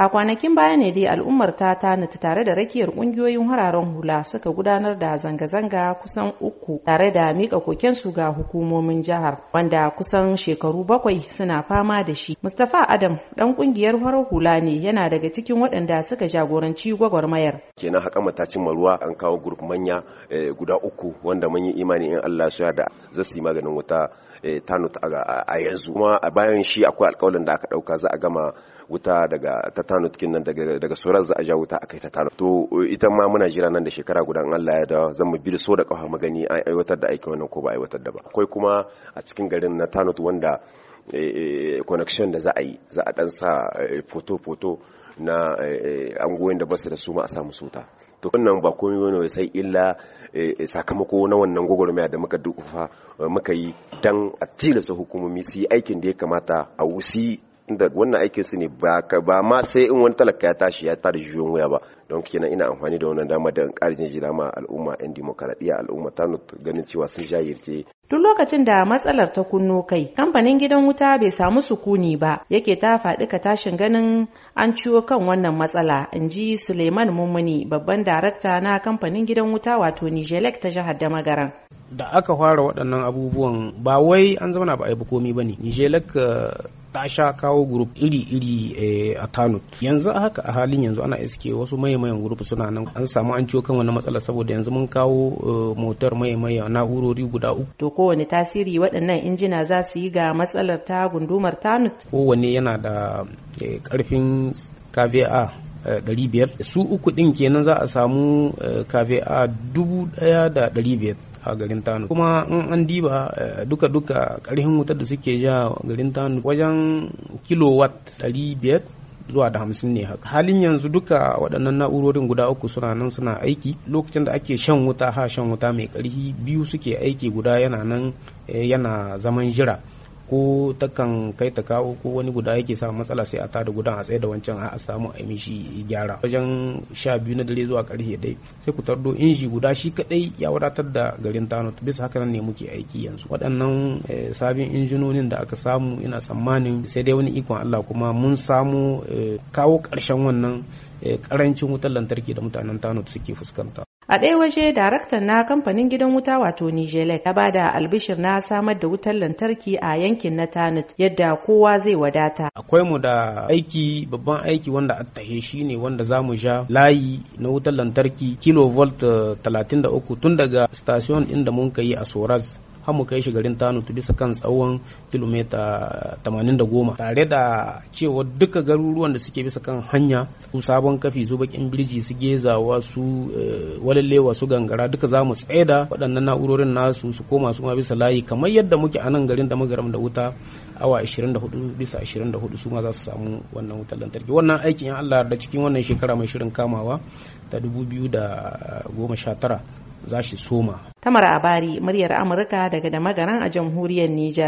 a kwanakin baya ne dai al'ummar ta tanata tare da rakiyar kungiyoyin hararen hula suka gudanar da zanga-zanga kusan uku tare da mika kokensu ga hukumomin jihar wanda kusan shekaru bakwai suna fama da shi mustapha adam dan kungiyar farar hula ne yana daga cikin waɗanda suka jagoranci gwagwarmayar kenan haka ta maruwa ruwa an kawo grup manya eh, guda uku wanda mun yi imani in Allah ya da za su yi maganin wuta eh, tanut a yanzu kuma bayan shi akwai alkawalin da aka ɗauka za a gama wuta daga tano kin nan daga sorar za a jawo wuta akai ta tano to ita ma muna jira nan da shekara guda Allah ya da zan mu bi so da kafa magani an aiwatar da aikin wannan ko ba aiwatar da ba akwai kuma a cikin garin na tano wanda connection da za a yi za a dan sa foto-foto na angoyin da basu da su ma a samu suta to wannan ba komai wani sai illa sakamako na wannan gwagwarmaya da muka dukufa muka yi dan a tilasta hukumomi su yi aikin da ya kamata a wusi da wannan aikin su ne ba ma sai in wani talaka ya tashi ya tada jiyon wuya ba don kenan ina amfani da wannan dama da ƙarin jira ma al'umma 'yan demokaradiyya al'umma ta ganin cewa sun jayirce Tun lokacin da matsalar ta kunno kai, kamfanin gidan wuta bai samu sukuni ba, yake ta faɗi ka tashin ganin an ciwo kan wannan matsala, in ji Suleiman Mummuni, babban darakta na kamfanin gidan wuta wato Nijelek ta jihar Damagaran. Da aka fara waɗannan abubuwan ba wai an zauna ba a yi komi ba ne. Nijelek eh, ta sha kawo gurup iri-iri eh, a Tanut. Yanzu haka a halin yanzu ana iske wasu mai yan group suna nan an samu an ciwo kan wani matsala saboda yanzu mun kawo eh, motar mai na'urori guda uku to kowane tasiri waɗannan injina za su yi ga matsalar ta gundumar tanut kowane yana da karfin kva 500 su uku ɗin kenan za a samu eh, kva 1500 a garin tano kuma in an diba eh, duka duka karhin wutar da suke ja garin tano wajen kilowatt 500 zuwa da hamsin ne haka halin yanzu duka waɗannan na'urorin guda uku suna nan suna aiki lokacin da ake shan wuta ha shan wuta mai ƙarfi biyu suke aiki guda yana nan eh, yana zaman jira ko takan kai ta kawo ko wani guda yake samun matsala sai a ta da gudan a tsaye da wancan a samu a mishi gyara wajen sha biyu na dare zuwa karfe dai sai ku tardo inji guda shi kaɗai ya wadatar da garin tano bisa haka nan ne muke aiki yanzu waɗannan eh, sabin injinonin da aka samu ina tsammanin sai dai wani ikon Allah kuma mun samu eh, kawo karshen wannan karancin eh, wutar lantarki da mutanen tano suke fuskanta A ɗaya waje daraktan na kamfanin gidan wuta wato Nijelek ya bada albishir na samar da wutar lantarki a yankin na Tanit yadda kowa zai wadata. Akwai mu da aiki babban aiki wanda a tahe shi ne wanda za mu sha layi na wutar lantarki kilovolt 33 eh, tun daga station inda mun yi a Soraz har mu kai shi garin Tanutu bisa kan tsawon kilomita 80 tare da cewa duka garuruwan da suke bisa kan hanya su sabon kafi su bakin birji su geza su eh, walallewa su gangara duka za mu tsaida waɗannan na'urorin nasu su koma su ma bisa layi kamar yadda muke a nan garin da magaram da wuta awa 24 bisa 24 su ma za su samu wannan wutar lantarki wannan aikin Allah da cikin wannan shekara mai shirin kamawa ta 2019 za shi soma. Tamar Abari, muryar Amurka daga da magaran a jamhuriyar Nijar.